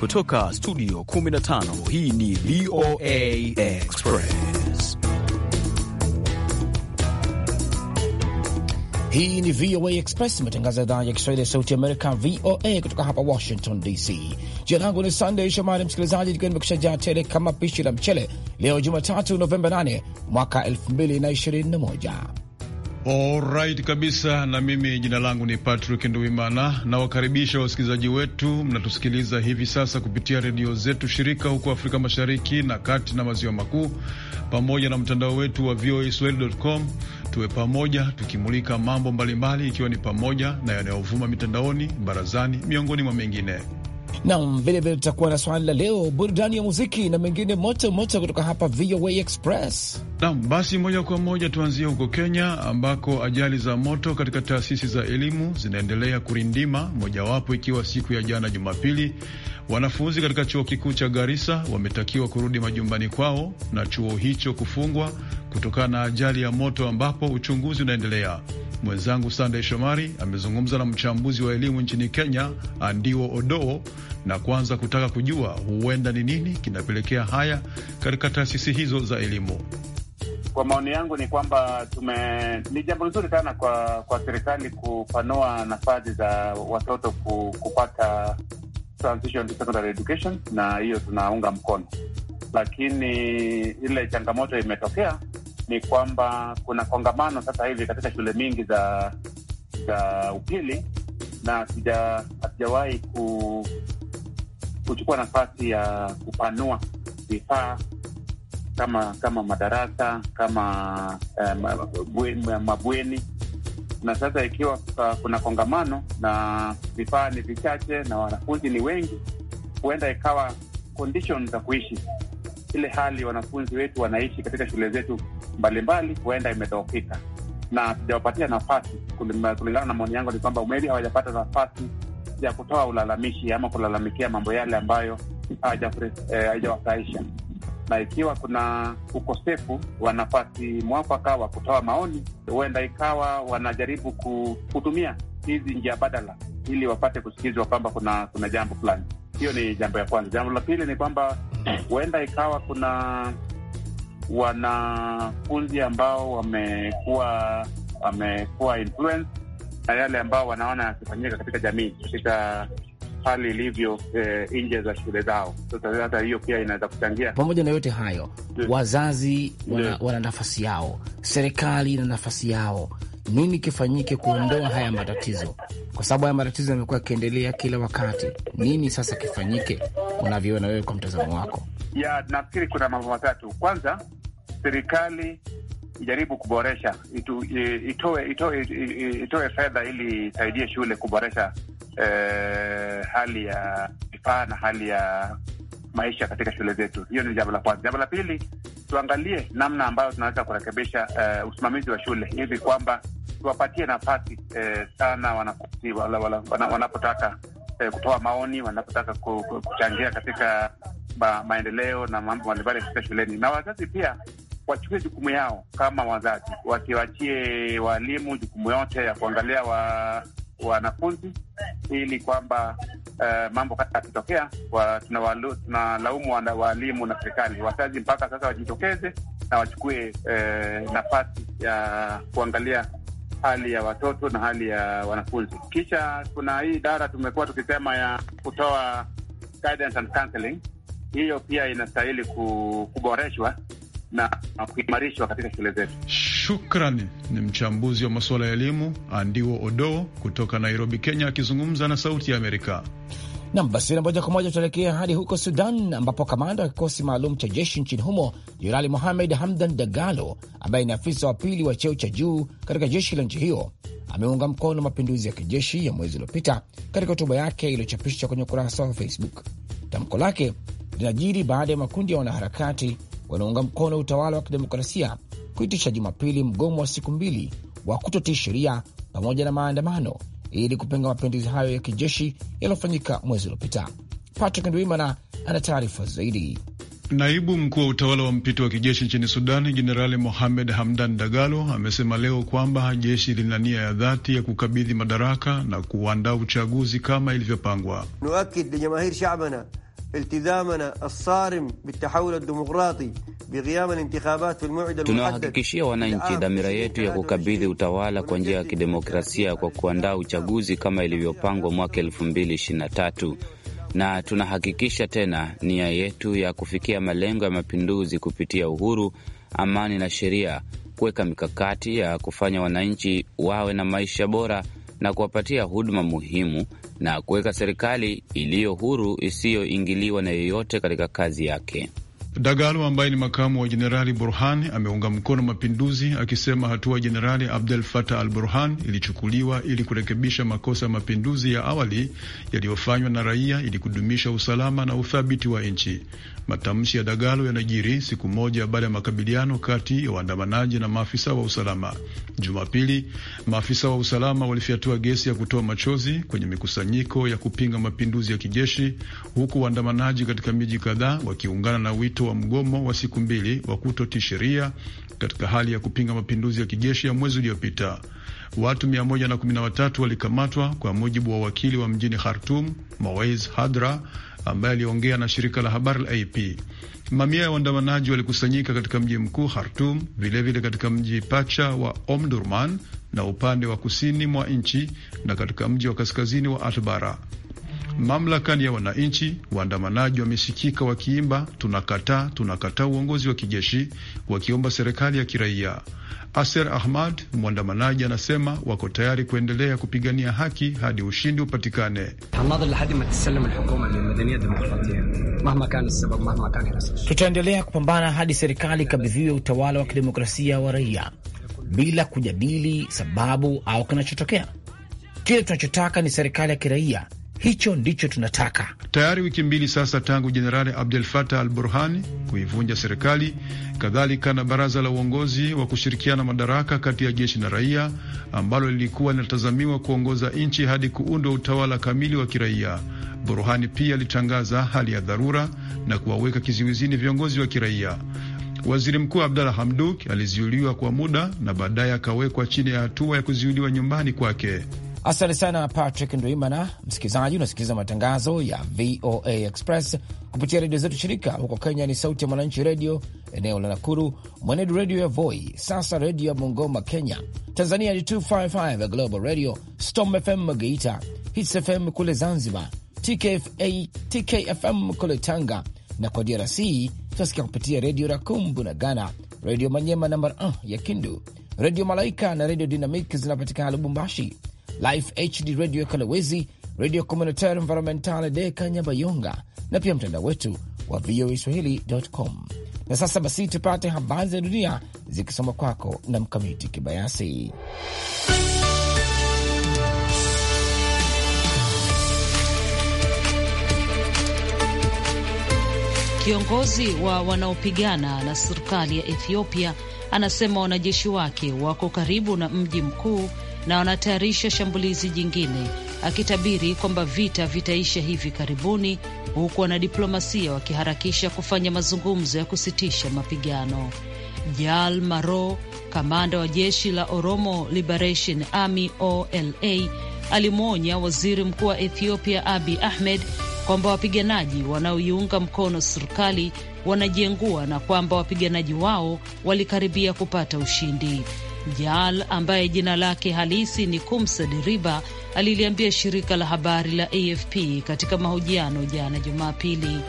Kutoka studio 15 hii ni VOA Express. Hii ni VOA Express, matangazo ya idhaa ya Kiswahili ya sauti Amerika, VOA kutoka hapa Washington DC. Jina langu ni Sandey Shomari msikilizaji, ikiwa nimekusha jaa tele kama pishi la mchele leo Jumatatu Novemba 8 mwaka 2021 Alright kabisa, na mimi jina langu ni Patrick Nduimana. Nawakaribisha wasikilizaji wetu mnatusikiliza hivi sasa kupitia redio zetu shirika huko Afrika Mashariki na Kati na Maziwa Makuu, pamoja na mtandao wetu wa voaswahili.com. Tuwe pamoja tukimulika mambo mbalimbali, ikiwa ni pamoja na yanayovuma mitandaoni, barazani, miongoni mwa mengine. Nam, vilevile tutakuwa na swali la leo, burudani ya muziki na mengine moto moto kutoka hapa VOA Express. Nam, basi moja kwa moja tuanzie huko Kenya, ambako ajali za moto katika taasisi za elimu zinaendelea kurindima, mojawapo ikiwa siku ya jana Jumapili, wanafunzi katika chuo kikuu cha Garissa wametakiwa kurudi majumbani kwao na chuo hicho kufungwa kutokana na ajali ya moto, ambapo uchunguzi unaendelea. Mwenzangu Sandey Shomari amezungumza na mchambuzi wa elimu nchini Kenya, Andiwo Odoo, na kuanza kutaka kujua huenda ni nini kinapelekea haya katika taasisi hizo za elimu. Kwa maoni yangu ni kwamba tume- ni jambo nzuri sana kwa kwa serikali kupanua nafasi za watoto kupata transition to secondary education, na hiyo tunaunga mkono, lakini ile changamoto imetokea ni kwamba kuna kongamano sasa hivi katika shule mingi za za upili, na hatujawahi ku, kuchukua nafasi ya kupanua vifaa kama kama madarasa kama eh, mabweni na sasa ikiwa uh, kuna kongamano na vifaa ni vichache na wanafunzi ni wengi, huenda ikawa condition za kuishi ile hali wanafunzi wetu wanaishi katika shule zetu mbalimbali huenda imedhoofika na sijawapatia nafasi. Kulingana na maoni yangu ni kwamba umeli hawajapata nafasi ya kutoa ulalamishi ama kulalamikia mambo yale ambayo eh, haijawafurahisha na ikiwa kuna ukosefu wa nafasi mwafaka wa kutoa maoni, huenda ikawa wanajaribu kutumia hizi njia badala ili wapate kusikizwa kwamba kuna kuna jambo fulani. Hiyo ni jambo ya kwanza. Jambo la pili ni kwamba huenda ikawa kuna wanafunzi ambao wamekuwa wamekuwa influence na yale ambao wanaona yakifanyika katika jamii, katika hali ilivyo eh, nje za shule zao. Sasa hata hiyo pia inaweza kuchangia. Pamoja na yote hayo, wazazi wana, wana nafasi yao, serikali ina nafasi yao. Nini kifanyike kuondoa haya matatizo? Kwa sababu haya matatizo yamekuwa yakiendelea kila wakati. Nini sasa kifanyike, unavyoona wewe kwa mtazamo wako? Ya, nafikiri kuna mambo matatu. Kwanza serikali ijaribu kuboresha itu, itoe, itoe, itoe fedha ili isaidie shule kuboresha eh, hali ya vifaa na hali ya maisha katika shule zetu. Hiyo ni jambo la kwanza. Jambo la pili, tuangalie namna ambayo tunaweza kurekebisha eh, usimamizi wa shule hivi kwamba tuwapatie nafasi eh, sana wanafunzi wanapotaka wana, wana eh, kutoa maoni wanapotaka kuchangia katika maendeleo na mambo mbalimbali katika shuleni na wazazi pia wachukue jukumu yao kama wazazi, wasiwachie walimu jukumu yote ya kuangalia wa wanafunzi ili kwamba uh, mambo yakitokea tunalaumu wa, walimu na serikali. Wazazi mpaka sasa wajitokeze na wachukue uh, nafasi ya kuangalia hali ya watoto na hali ya wanafunzi. Kisha kuna hii idara tumekuwa tukisema ya kutoa guidance and counseling, hiyo pia inastahili kuboreshwa na kuimarishwa katika shule zetu. Shukrani. Ni mchambuzi wa masuala ya elimu Andiwo Odo kutoka Nairobi, Kenya, akizungumza na Sauti ya Amerika. Nam basi, na moja kwa moja tutaelekea hadi huko Sudan, ambapo kamanda wa kikosi maalum cha jeshi nchini humo Jenerali Mohamed Hamdan Dagalo, ambaye ni afisa wa pili wa cheo cha juu katika jeshi la nchi hiyo, ameunga mkono mapinduzi ya kijeshi ya mwezi uliopita katika hotuba yake iliyochapishwa kwenye ukurasa wa Facebook. Tamko lake linajiri baada ya makundi ya wanaharakati wanaunga mkono utawala wa kidemokrasia kuitisha Jumapili mgomo wa siku mbili wa kutotii sheria pamoja na maandamano ili kupinga mapinduzi hayo ya kijeshi yaliyofanyika mwezi uliopita. Patrick Ndwimana ana taarifa zaidi. Naibu mkuu wa utawala wa mpito wa kijeshi nchini Sudan, Jenerali Mohamed Hamdan Dagalo amesema leo kwamba jeshi lina nia ya dhati ya kukabidhi madaraka na kuandaa uchaguzi kama ilivyopangwa. Tunawahakikishia wananchi dhamira yetu ya kukabidhi utawala kwa njia ya kidemokrasia kwa kuandaa uchaguzi kama ilivyopangwa mwaka 2023 na tunahakikisha tena nia yetu ya kufikia malengo ya mapinduzi kupitia uhuru, amani na sheria, kuweka mikakati ya kufanya wananchi wawe na maisha bora na kuwapatia huduma muhimu na kuweka serikali iliyo huru isiyoingiliwa na yoyote katika kazi yake. Dagalo ambaye ni makamu wa jenerali Burhan ameunga mkono mapinduzi akisema hatua ya jenerali Abdel Fattah al Burhan ilichukuliwa ili kurekebisha makosa ya mapinduzi ya awali yaliyofanywa na raia ili kudumisha usalama na uthabiti wa nchi. Matamshi ya Dagalo yanajiri siku moja baada ya makabiliano kati ya waandamanaji na maafisa wa usalama. Jumapili, maafisa wa usalama walifyatua gesi ya kutoa machozi kwenye mikusanyiko ya kupinga mapinduzi ya kijeshi, huku waandamanaji katika miji kadhaa wakiungana na wito kutoa mgomo wa siku mbili wa kutotii sheria katika hali ya kupinga mapinduzi ya kijeshi ya mwezi uliopita. Watu 113 walikamatwa kwa mujibu wa wakili wa mjini Khartum, Mawais Hadra, ambaye aliongea na shirika la habari la AP. Mamia ya waandamanaji walikusanyika katika mji mkuu Khartum, vilevile katika mji pacha wa Omdurman na upande wa kusini mwa nchi na katika mji wa kaskazini wa Atbara mamlaka ni ya wananchi. Waandamanaji wamesikika wakiimba tunakataa, tunakataa uongozi wa kijeshi, wakiomba serikali ya kiraia. Aser Ahmad, mwandamanaji, anasema wako tayari kuendelea kupigania haki hadi ushindi upatikane. Tutaendelea kupambana hadi serikali ikabidhiwe utawala wa kidemokrasia wa raia bila kujadili sababu au kinachotokea. Kile tunachotaka ni serikali ya kiraia Hicho ndicho tunataka. Tayari wiki mbili sasa tangu Jenerali Abdel Fattah al Burhani kuivunja serikali, kadhalika na baraza la uongozi wa kushirikiana madaraka kati ya jeshi na raia ambalo lilikuwa linatazamiwa kuongoza nchi hadi kuundwa utawala kamili wa kiraia. Burhani pia alitangaza hali ya dharura na kuwaweka kizuizini viongozi wa kiraia. Waziri Mkuu Abdalla Hamduk aliziuliwa kwa muda na baadaye akawekwa chini ya hatua ya kuziuliwa nyumbani kwake. Asante sana Patrick Ndwimana. Msikilizaji, unasikiliza matangazo ya VOA Express kupitia redio zetu shirika. Huko Kenya ni Sauti ya Mwananchi redio eneo la Nakuru, Mwenedu redio ya Voi, Sasa redio ya Bungoma Kenya. Tanzania ni 255 ya Global Radio, Storm FM Geita, Hits FM kule Zanzibar, TKFA, TKFM kule Tanga, na kwa DRC tunasikia kupitia redio Rakumbu na Ghana, redio Manyema namba ah, ya Kindu, redio Malaika na redio dinamik zinapatikana Lubumbashi. Life HD Radio Kalawezi, Radio Communautaire Environmentale de Kanyabayonga na pia mtandao wetu wa VOA Swahili.com. Na sasa basi, tupate habari za dunia zikisoma kwako na Mkamiti Kibayasi. Kiongozi wa wanaopigana na serikali ya Ethiopia anasema wanajeshi wake wako karibu na mji mkuu na wanatayarisha shambulizi jingine, akitabiri kwamba vita vitaisha hivi karibuni, huku wanadiplomasia wakiharakisha kufanya mazungumzo ya kusitisha mapigano. Jal Maro, kamanda wa jeshi la Oromo Liberation Army OLA, alimwonya waziri mkuu wa Ethiopia abi Ahmed kwamba wapiganaji wanaoiunga mkono serikali wanajiengua na kwamba wapiganaji wao walikaribia kupata ushindi. Jaal ambaye jina lake halisi ni Kumsa Riba aliliambia shirika la habari la AFP katika mahojiano jana Jumapili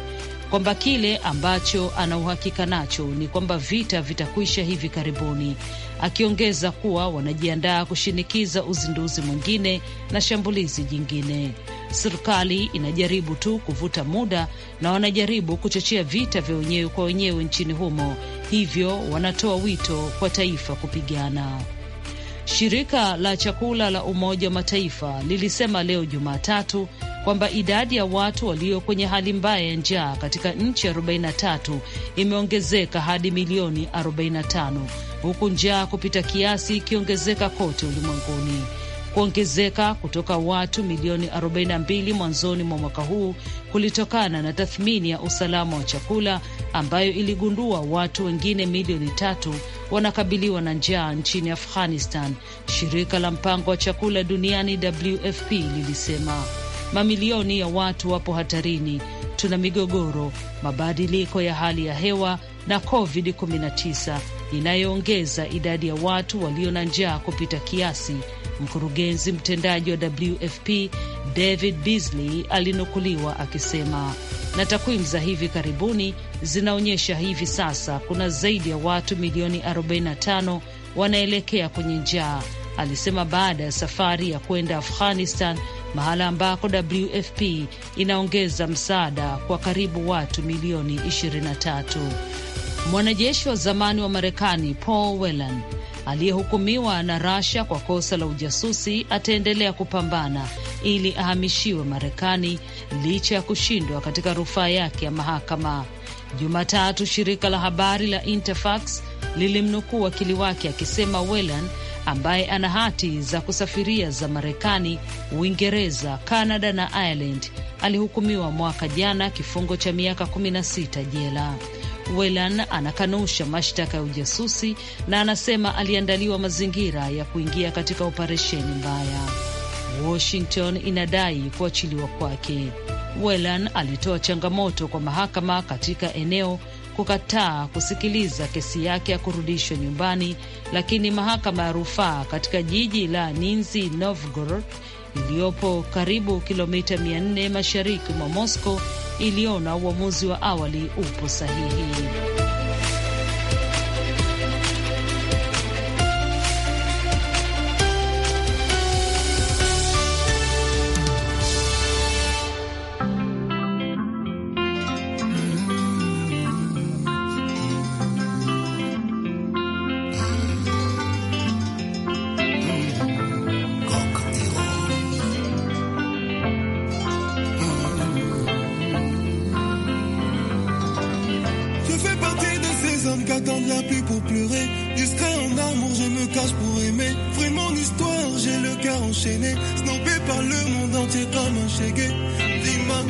kwamba kile ambacho ana uhakika nacho ni kwamba vita vitakwisha hivi karibuni, akiongeza kuwa wanajiandaa kushinikiza uzinduzi mwingine na shambulizi jingine. Serikali inajaribu tu kuvuta muda na wanajaribu kuchochea vita vya wenyewe kwa wenyewe nchini humo hivyo wanatoa wito kwa taifa kupigana. Shirika la chakula la Umoja wa Mataifa lilisema leo Jumatatu kwamba idadi ya watu walio kwenye hali mbaya ya njaa katika nchi 43 imeongezeka hadi milioni 45 huku njaa kupita kiasi ikiongezeka kote ulimwenguni. Kuongezeka kutoka watu milioni 42 mwanzoni mwa mwaka huu kulitokana na tathmini ya usalama wa chakula ambayo iligundua watu wengine milioni tatu wanakabiliwa na njaa nchini Afghanistan. Shirika la mpango wa chakula duniani WFP lilisema mamilioni ya watu wapo hatarini. Tuna migogoro, mabadiliko ya hali ya hewa na COVID-19 inayoongeza idadi ya watu walio na njaa kupita kiasi Mkurugenzi mtendaji wa WFP David Beasley alinukuliwa akisema, na takwimu za hivi karibuni zinaonyesha hivi sasa kuna zaidi ya watu milioni 45 wanaelekea kwenye njaa, alisema baada ya safari ya kwenda Afghanistan, mahala ambako WFP inaongeza msaada kwa karibu watu milioni 23. Mwanajeshi wa zamani wa Marekani Paul Whelan aliyehukumiwa na Rasia kwa kosa la ujasusi ataendelea kupambana ili ahamishiwe Marekani licha ya kushindwa katika rufaa yake ya mahakama. Jumatatu, shirika la habari la Interfax lilimnukuu wakili wake akisema Whelan ambaye ana hati za kusafiria za Marekani, Uingereza, Kanada na Ireland alihukumiwa mwaka jana kifungo cha miaka 16 jela. Whelan anakanusha mashtaka ya ujasusi na anasema aliandaliwa mazingira ya kuingia katika operesheni mbaya. Washington inadai kuachiliwa kwake. Whelan alitoa changamoto kwa mahakama katika eneo kukataa kusikiliza kesi yake ya kurudishwa nyumbani, lakini mahakama ya rufaa katika jiji la Nizhny Novgorod iliyopo karibu kilomita 400 mashariki mwa Moscow iliona uamuzi wa awali upo sahihi. je me cache pour aimer. Vrai mon histoire, j'ai le cœur enchaîné. Snobé par le monde entier comme un chégué. Dis ma,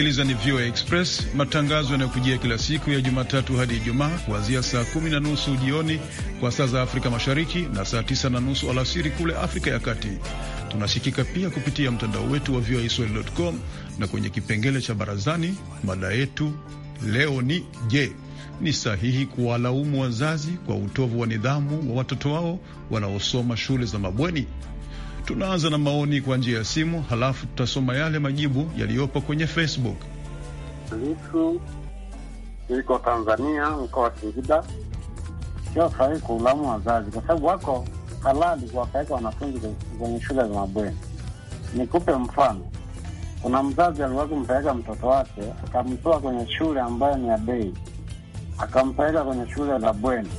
unasikiliza ni VOA Express, matangazo yanayokujia kila siku ya Jumatatu hadi Ijumaa kuanzia saa kumi na nusu jioni kwa saa za Afrika Mashariki na saa tisa na nusu alasiri kule Afrika ya Kati. Tunasikika pia kupitia mtandao wetu wa voaswahili.com na kwenye kipengele cha barazani. Mada yetu leo ni je, ni sahihi kuwalaumu wazazi kwa utovu wa nidhamu wa watoto wao wanaosoma shule za mabweni? Tunaanza na maoni kwa njia ya simu, halafu tutasoma yale majibu yaliyopo kwenye Facebook. Lisu iko Tanzania, mkoa wa Singida. Sio sahihi kuulamu wazazi kwa sababu wako halali kuwapeleka wanafunzi kwenye shule za mabweni. Nikupe mfano, kuna mzazi aliwahi kumpeleka mtoto wake akamtoa kwenye shule ambayo ni ya bei, akampeleka kwenye shule za bweni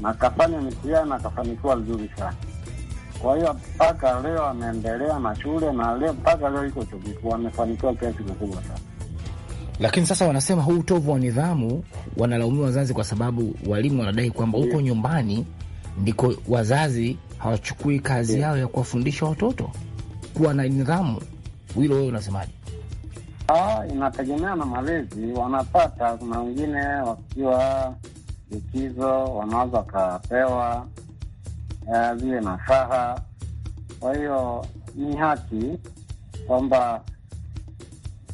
na akafanya mitihani akafanikiwa vizuri sana kwa hiyo mpaka leo ameendelea na shule na leo mpaka leo iko chuo kikuu, wamefanikiwa kiasi kikubwa sana. Lakini sasa wanasema huu utovu wa nidhamu, wanalaumiwa wazazi, kwa sababu walimu wanadai kwamba huko nyumbani ndiko wazazi hawachukui kazi yeah, yao ya kuwafundisha watoto kuwa na nidhamu. Hilo wewe unasemaje? Ah, inategemea na malezi wanapata. Kuna wengine wakiwa likizo wanaweza wakapewa vile nasaha. Kwa hiyo ni haki kwamba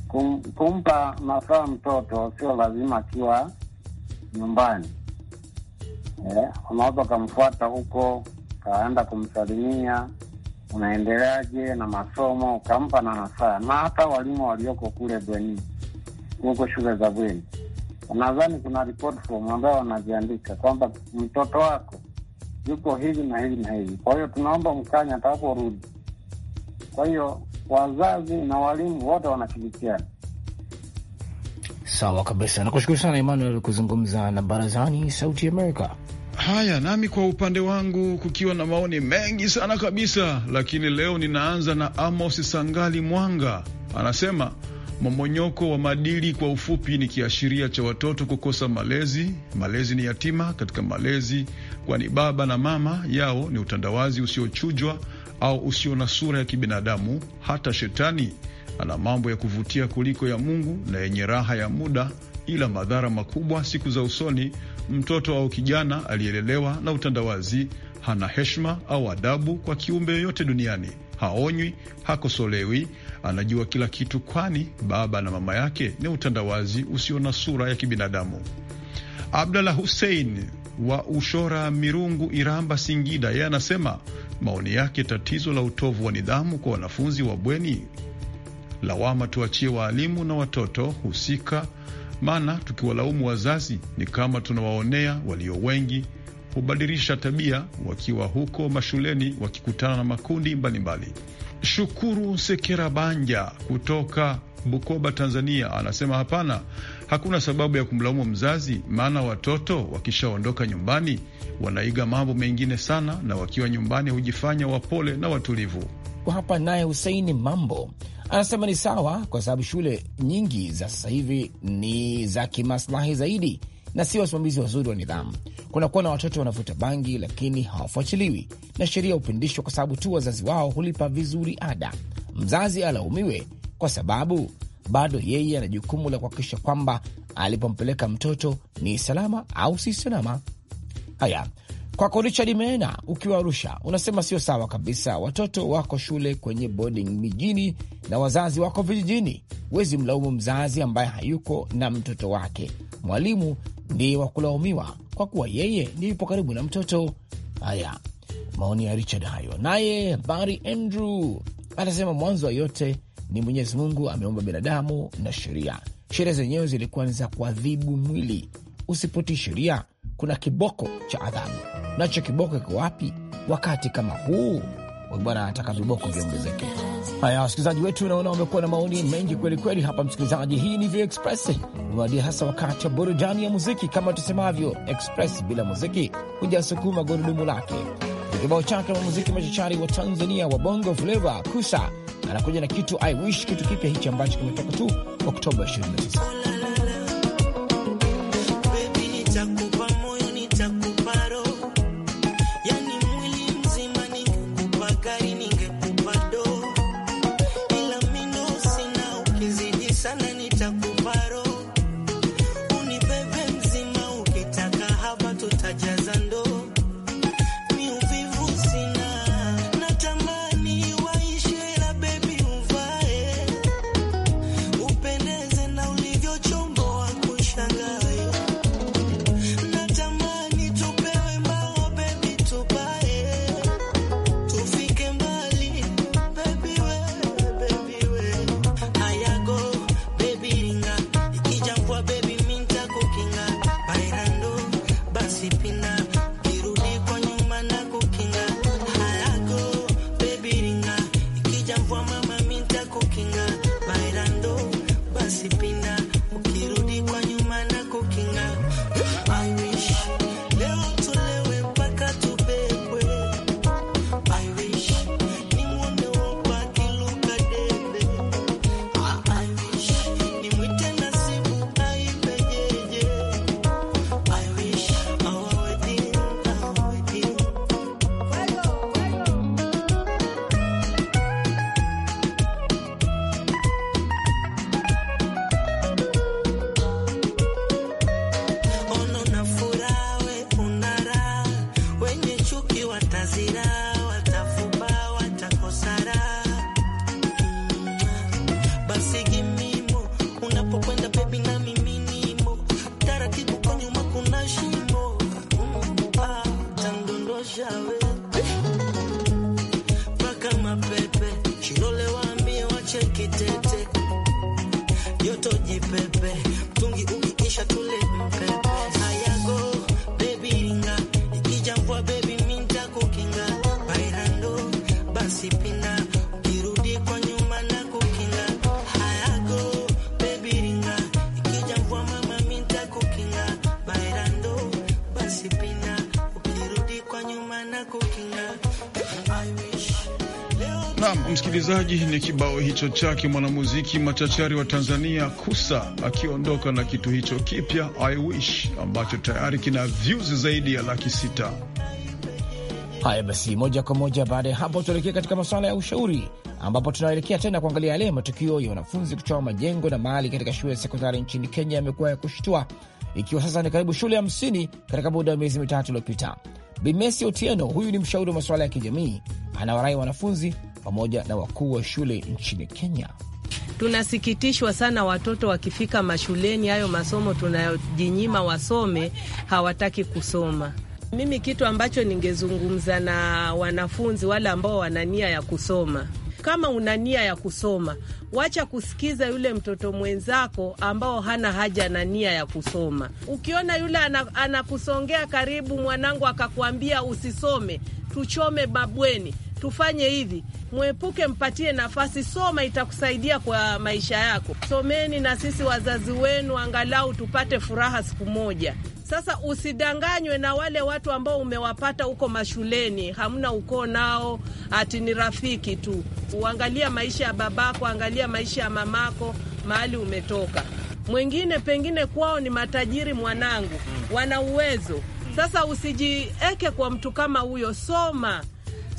kum, kumpa nasaha mtoto sio lazima akiwa nyumbani. Eh, unaweza ukamfuata huko ukaenda kumsalimia, unaendeleaje na masomo, ukampa na nasaha. Na hata walimu walioko kule bweni, huko shule za bweni, nadhani kuna report form ambayo wanaziandika kwamba mtoto wako yuko hivi na hivi na hivi, kwa hiyo tunaomba mkanya rudi Kwa hiyo wazazi na walimu wote wanashirikiana. Sawa kabisa, nakushukuru sana Emmanuel kuzungumza na barazani Sauti Amerika. Haya, nami kwa upande wangu kukiwa na maoni mengi sana kabisa, lakini leo ninaanza na Amos Sangali Mwanga, anasema Mmomonyoko wa maadili kwa ufupi ni kiashiria cha watoto kukosa malezi. Malezi ni yatima katika malezi, kwani baba na mama yao ni utandawazi usiochujwa au usio na sura ya kibinadamu. Hata shetani ana mambo ya kuvutia kuliko ya Mungu na yenye raha ya muda, ila madhara makubwa siku za usoni. Mtoto au kijana aliyelelewa na utandawazi hana heshima au adabu kwa kiumbe yoyote duniani haonywi, hakosolewi, anajua kila kitu, kwani baba na mama yake ni utandawazi usio na sura ya kibinadamu. Abdallah Hussein wa Ushora Mirungu, Iramba, Singida, yeye anasema maoni yake, tatizo la utovu wa nidhamu kwa wanafunzi wa bweni, lawama tuachie waalimu na watoto husika, maana tukiwalaumu wazazi ni kama tunawaonea walio wengi hubadilisha tabia wakiwa huko mashuleni wakikutana na makundi mbalimbali mbali. Shukuru Sekerabanja kutoka Bukoba, Tanzania, anasema hapana, hakuna sababu ya kumlaumu mzazi, maana watoto wakishaondoka nyumbani wanaiga mambo mengine sana, na wakiwa nyumbani hujifanya wapole na watulivu. kwa Hapa naye Huseini Mambo anasema ni sawa, kwa sababu shule nyingi za sasa hivi ni za kimaslahi zaidi na si wasimamizi wazuri wa nidhamu. Kunakuwa na watoto wanavuta bangi lakini hawafuatiliwi na sheria, hupindishwa kwa sababu tu wazazi wao hulipa vizuri ada. Mzazi alaumiwe kwa sababu bado yeye ana jukumu la kuhakikisha kwamba alipompeleka mtoto ni salama au si salama. Haya, Kwako Richard Meena ukiwa Arusha unasema sio sawa kabisa, watoto wako shule kwenye boarding mijini na wazazi wako vijijini. Huwezi mlaumu mzazi ambaye hayuko na mtoto wake, mwalimu ndiye wa kulaumiwa kwa kuwa yeye ndiye yupo karibu na mtoto. Haya, maoni ya Richard hayo. Naye Bari Andrew anasema mwanzo wa yote ni Mwenyezi Mungu ameumba binadamu na sheria. Sheria zenyewe zilikuwa ni za kuadhibu mwili, usipotii sheria kuna kiboko cha adhabu. Nacho kiboko kiko wapi wakati kama huu? Bwana anataka viboko viongezeke. Haya, wasikilizaji wetu, naona wamekuwa na maoni mengi kweli kweli hapa. Msikilizaji, hii ni VOA Express, umewadia hasa wakati wa burudani ya muziki. Kama tusemavyo, express bila muziki hujasukuma gurudumu lake. Kibao chake wa muziki machachari wa Tanzania wa bongo fleva, Kusa anakuja na kitu I wish, kitu kipya hichi ambacho kimetoka tu Oktoba 29. Msikilizaji, ni kibao hicho chake mwanamuziki machachari wa Tanzania Kusa akiondoka na kitu hicho kipya I wish ambacho tayari kina views zaidi ya laki sita. Haya basi, moja kwa moja baada ya hapo tuelekee katika masuala ya ushauri, ambapo tunaelekea tena kuangalia yale matukio ya wanafunzi kuchoma majengo na mali katika shule ya sekondari nchini Kenya yamekuwa ya kushtua, ikiwa sasa ni karibu shule hamsini katika muda wa miezi mitatu iliyopita. Bimesi Otieno, huyu ni mshauri wa masuala ya kijamii, anawarai wanafunzi pamoja na wakuu wa shule nchini Kenya. Tunasikitishwa sana watoto wakifika mashuleni, hayo masomo tunayojinyima wasome, hawataki kusoma. Mimi kitu ambacho ningezungumza na wanafunzi wale ambao wana nia ya kusoma kama una nia ya kusoma, wacha kusikiza yule mtoto mwenzako ambao hana haja na nia ya kusoma. Ukiona yule anakusongea karibu, mwanangu akakwambia usisome, tuchome babweni, tufanye hivi, mwepuke, mpatie nafasi. Soma, itakusaidia kwa maisha yako. Someni na sisi wazazi wenu, angalau tupate furaha siku moja. Sasa usidanganywe na wale watu ambao umewapata huko mashuleni, hamna ukoo nao, ati ni rafiki tu. Uangalia maisha ya babako, angalia maisha ya mamako, mahali umetoka. Mwingine pengine kwao ni matajiri, mwanangu, wana uwezo. Sasa usijieke kwa mtu kama huyo, soma.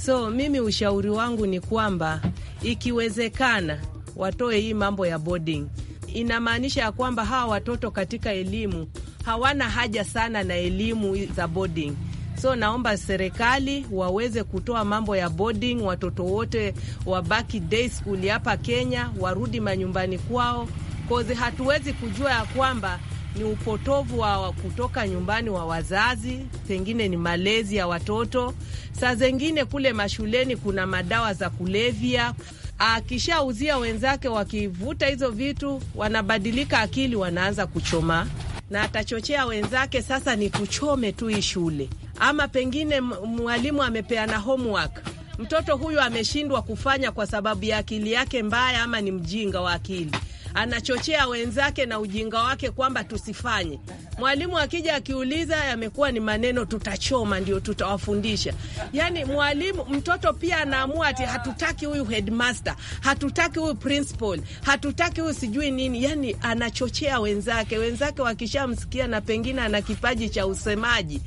So mimi ushauri wangu ni kwamba ikiwezekana watoe hii mambo ya boarding. Inamaanisha ya kwamba hawa watoto katika elimu hawana haja sana na elimu za boarding. So naomba serikali waweze kutoa mambo ya boarding, watoto wote wabaki day school hapa Kenya, warudi manyumbani kwao, kozi hatuwezi kujua ya kwamba ni upotovu wa kutoka nyumbani wa wazazi, pengine ni malezi ya watoto. Saa zengine kule mashuleni kuna madawa za kulevya, akishauzia ah, wenzake, wakivuta hizo vitu wanabadilika akili, wanaanza kuchoma na atachochea wenzake, sasa ni kuchome tu hii shule. Ama pengine mwalimu amepeana homework, mtoto huyu ameshindwa kufanya kwa sababu ya akili yake mbaya, ama ni mjinga wa akili anachochea wenzake na ujinga wake kwamba tusifanye. Mwalimu akija akiuliza, yamekuwa ni maneno tutachoma, ndio tutawafundisha. Yani mwalimu, mtoto pia anaamua ati hatutaki huyu headmaster, hatutaki huyu principal, hatutaki huyu sijui nini. Yani anachochea wenzake, wenzake wakishamsikia, na pengine ana kipaji cha usemaji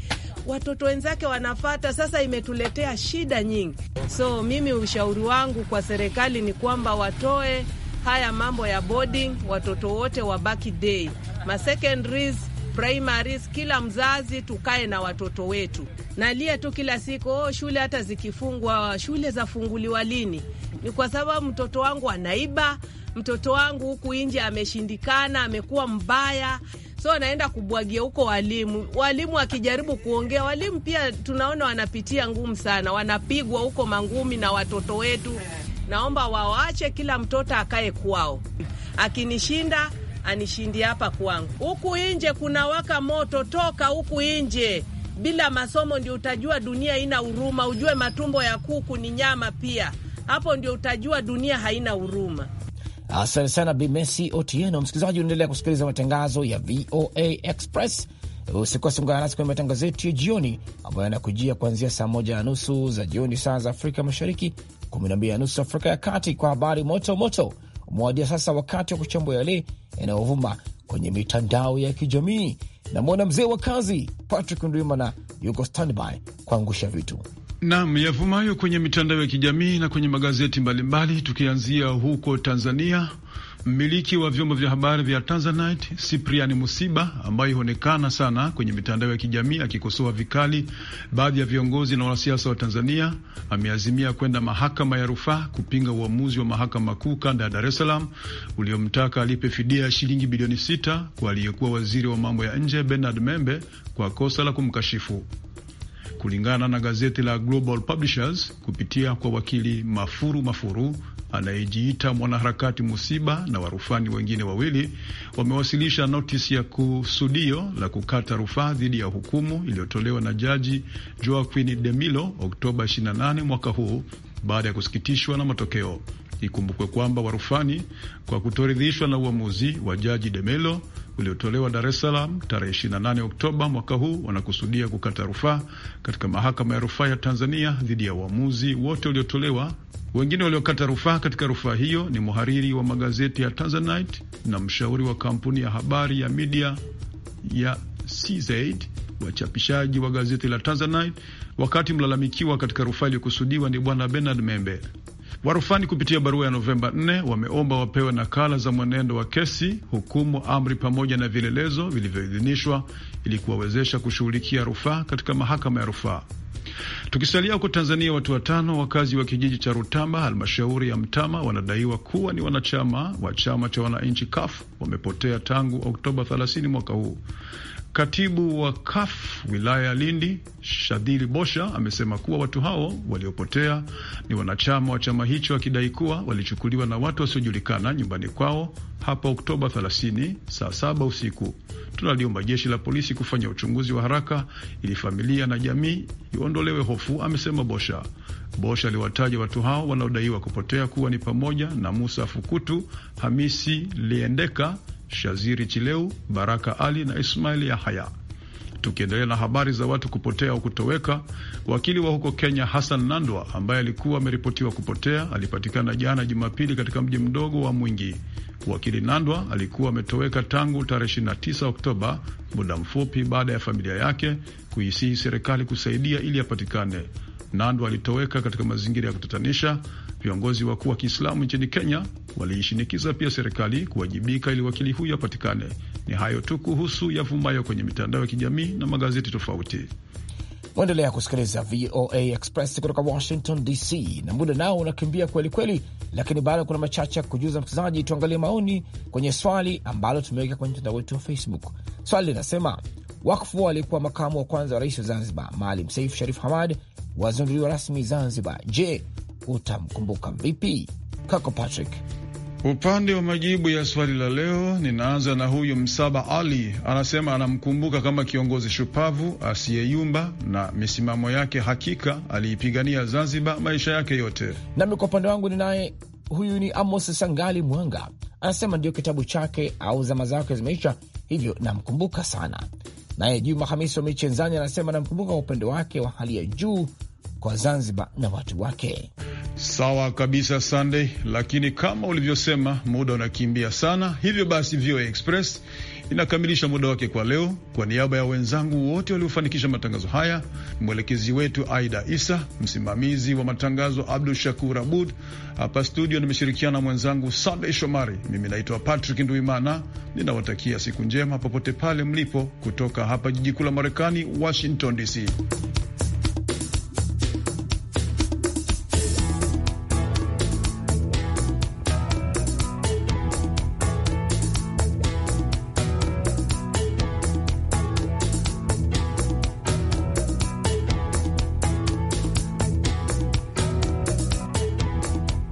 watoto wenzake wanafata. Sasa imetuletea shida nyingi. So mimi ushauri wangu kwa serikali ni kwamba watoe haya mambo ya boarding, watoto wote wabaki day ma secondaries primaries, kila mzazi tukae na watoto wetu. Nalia tu kila siku, oh, shule hata zikifungwa, shule zafunguliwa lini? Ni kwa sababu mtoto wangu anaiba, mtoto wangu huku nje ameshindikana, amekuwa mbaya so anaenda kubwagia huko walimu. Walimu akijaribu kuongea, walimu pia tunaona wanapitia ngumu sana, wanapigwa huko mangumi na watoto wetu naomba wawache, kila mtoto akae kwao, akinishinda anishindi hapa kwangu. Huku nje kuna waka moto, toka huku nje. Bila masomo ndio utajua dunia ina huruma, ujue matumbo ya kuku ni nyama pia. Hapo ndio utajua dunia haina huruma. Asante sana Bimesi Otieno. Msikilizaji, unaendelea kusikiliza matangazo ya VOA Express Usikose kuungana nasi kwenye matangazo yetu ya jioni ambayo yanakujia kuanzia saa moja na nusu za jioni saa za Afrika Mashariki, kumi na mbili na nusu Afrika ya Kati, kwa habari moto moto. Umewadia sasa wakati wa kuchambua yale yanayovuma kwenye mitandao ya kijamii. Namwona mzee wa kazi Patrick Ndwimana yuko standby kuangusha vitu nam yavumayo kwenye mitandao ya kijamii na kwenye magazeti mbalimbali, tukianzia huko Tanzania Mmiliki wa vyombo vya habari vya Tanzanite Cyprian Musiba, ambaye huonekana sana kwenye mitandao ya kijamii akikosoa vikali baadhi ya viongozi na wanasiasa wa Tanzania, ameazimia kwenda mahakama ya rufaa kupinga uamuzi wa mahakama kuu kanda ya Dar es Salaam uliomtaka alipe fidia ya shilingi bilioni sita kwa aliyekuwa waziri wa mambo ya nje Bernard Membe kwa kosa la kumkashifu kulingana na gazeti la Global Publishers kupitia kwa wakili Mafuru Mafuru anayejiita mwanaharakati Musiba na warufani wengine wawili wamewasilisha notisi ya kusudio la kukata rufaa dhidi ya hukumu iliyotolewa na jaji Joaquin de Milo Oktoba 28 mwaka huu baada ya kusikitishwa na matokeo. Ikumbukwe kwamba warufani kwa kutoridhishwa na uamuzi wa jaji de Milo uliotolewa Dar es Salaam tarehe 28 Oktoba mwaka huu wanakusudia kukata rufaa katika mahakama ya rufaa ya Tanzania dhidi ya uamuzi wote uliotolewa. Wengine waliokata rufaa katika rufaa hiyo ni mhariri wa magazeti ya Tanzanite na mshauri wa kampuni ya habari ya media ya CZ, wachapishaji wa gazeti la Tanzanite, wakati mlalamikiwa katika rufaa iliyokusudiwa ni Bwana Bernard Membe. Warufani kupitia barua ya Novemba 4 wameomba wapewe nakala za mwenendo wa kesi, hukumu, amri pamoja na vielelezo vilivyoidhinishwa ili kuwawezesha kushughulikia rufaa katika mahakama ya rufaa. Tukisalia huko Tanzania, watu watano wakazi wa kijiji cha Rutamba, halmashauri ya Mtama, wanadaiwa kuwa ni wanachama wa chama cha wananchi CUF wamepotea tangu Oktoba 30 mwaka huu. Katibu wa KAF wilaya ya Lindi, Shadhili Bosha, amesema kuwa watu hao waliopotea ni wanachama wa chama hicho, akidai kuwa walichukuliwa na watu wasiojulikana nyumbani kwao hapo Oktoba 30 saa saba usiku. Tunaliomba jeshi la polisi kufanya uchunguzi wa haraka ili familia na jamii iondolewe hofu, amesema Bosha. Bosha aliwataja watu hao wanaodaiwa kupotea kuwa ni pamoja na Musa Fukutu, Hamisi Liendeka, Shaziri Chileu, Baraka Ali na Ismail Yahaya. Tukiendelea na habari za watu kupotea au kutoweka, wakili wa huko Kenya Hassan Nandwa ambaye alikuwa ameripotiwa kupotea alipatikana jana Jumapili katika mji mdogo wa Mwingi. Wakili Nandwa alikuwa ametoweka tangu tarehe 29 Oktoba, muda mfupi baada ya familia yake kuisihi serikali kusaidia ili apatikane. Nandwa alitoweka katika mazingira ya kutatanisha Viongozi wakuu wa Kiislamu nchini Kenya waliishinikiza pia serikali kuwajibika ili wakili huyo apatikane. Ni hayo tu kuhusu yavumayo kwenye mitandao ya kijamii na magazeti tofauti. Mwaendelea kusikiliza VOA Express kutoka Washington DC, na muda nao unakimbia kweli kweli, lakini bado kuna machache ya kujuza msikilizaji. Tuangalie maoni kwenye swali ambalo tumeweka kwenye mtandao wetu wa Facebook. Swali linasema wakfu aliyekuwa makamu wa kwanza wa rais wa Zanzibar Maalim Seif Sharif Hamad wazinduliwa rasmi Zanzibar. Je, utamkumbuka vipi? Kako Patrick. Upande wa majibu ya swali la leo, ninaanza na huyu Msaba Ali, anasema anamkumbuka kama kiongozi shupavu asiyeyumba na misimamo yake hakika aliipigania Zanzibar maisha yake yote. Nami kwa upande wangu ninaye huyu ni Amos Sangali Mwanga, anasema ndio kitabu chake au zama zake zimeisha, hivyo namkumbuka sana. Naye Juma Hamisi wa Michenzani anasema namkumbuka kwa upendo wake wa hali ya juu kwa Zanzibar na watu wake. Sawa kabisa, Sunday. Lakini kama ulivyosema, muda unakimbia sana, hivyo basi VOA Express inakamilisha muda wake kwa leo. Kwa niaba ya wenzangu wote waliofanikisha matangazo haya, mwelekezi wetu Aida Isa, msimamizi wa matangazo Abdul Shakur Abud, hapa studio nimeshirikiana mwenzangu Sandey Shomari. Mimi naitwa Patrick Nduimana, ninawatakia siku njema popote pale mlipo, kutoka hapa jiji kuu la Marekani, Washington DC.